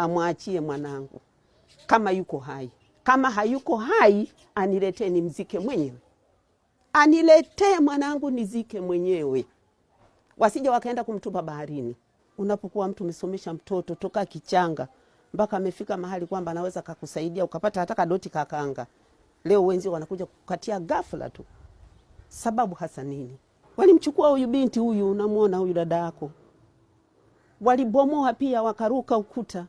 amwachie mwanangu kama yuko hai. Kama hayuko hai, aniletee nimzike mwenyewe, aniletee mwanangu nizike mwenyewe, wasije wakaenda kumtupa baharini. Unapokuwa mtu umesomesha mtoto toka kichanga mpaka amefika mahali kwamba anaweza kakusaidia ukapata hata kadoti kakanga, leo wenzi wanakuja kukatia ghafla tu. Sababu hasa nini? Walimchukua huyu binti huyu, unamwona huyu dada yako, walibomoa pia, wakaruka ukuta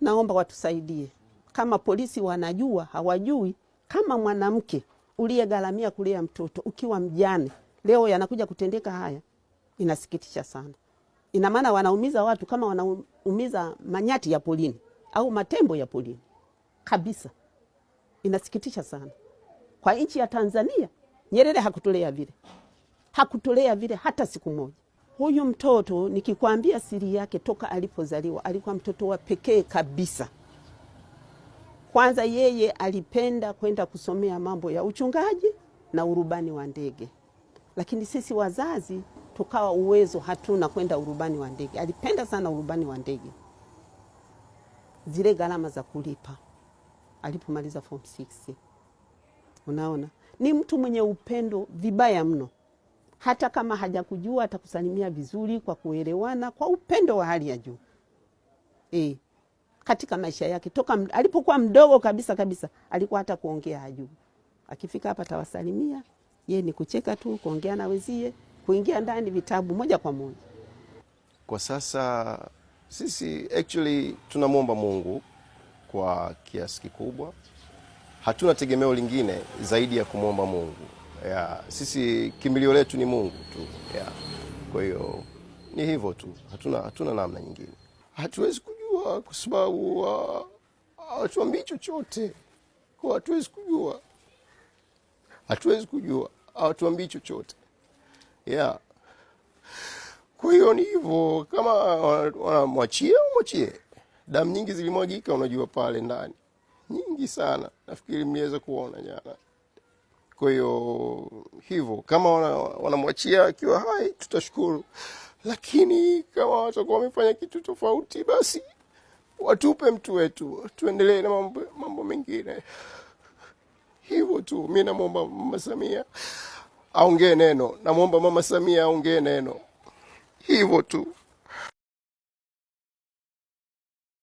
naomba watusaidie, kama polisi wanajua, hawajui. Kama mwanamke uliyegharamia kulea mtoto ukiwa mjane, leo yanakuja kutendeka haya, inasikitisha sana. Ina maana wanaumiza watu kama wanaumiza manyati ya polini au matembo ya polini kabisa. Inasikitisha sana kwa nchi ya Tanzania. Nyerere hakutulea vile, hakutulea vile hata siku moja huyu mtoto nikikwambia siri yake, toka alipozaliwa alikuwa mtoto wa pekee kabisa. Kwanza yeye alipenda kwenda kusomea mambo ya uchungaji na urubani wa ndege, lakini sisi wazazi tukawa uwezo hatuna kwenda urubani wa ndege. Alipenda sana urubani wa ndege, zile gharama za kulipa alipomaliza form 6. Unaona, ni mtu mwenye upendo vibaya mno hata kama hajakujua atakusalimia vizuri kwa kuelewana, kwa upendo wa hali ya juu e, katika maisha yake toka alipokuwa mdogo kabisa kabisa, alikuwa hata kuongea hajui. Akifika hapa atawasalimia, ye ni kucheka tu, kuongea na wenzie, kuingia ndani vitabu moja kwa moja. Kwa sasa sisi actually tunamwomba Mungu kwa kiasi kikubwa, hatuna tegemeo lingine zaidi ya kumwomba Mungu yeah. Sisi kimbilio letu ni Mungu tu yeah. Kwa hiyo ni hivyo tu, hatuna, hatuna namna nyingine, hatuwezi kujua kwa sababu hawatuambii ah, chochote kwa hatuwezi kujua, hatuwezi kujua, hawatuambii chochote yeah. Kwa hiyo ni hivyo, kama wanamwachie mwachie. Damu nyingi zilimwagika, unajua pale ndani, nyingi sana. Nafikiri mliweza kuona jana. Kwa hiyo hivyo, kama wanamwachia wana akiwa hai tutashukuru, lakini kama watakuwa wamefanya kitu tofauti, basi watupe mtu wetu, tuendelee na mambo, mambo mengine. Hivyo tu, mi namwomba Mama Samia aongee neno, namwomba Mama Samia aongee neno, hivyo tu.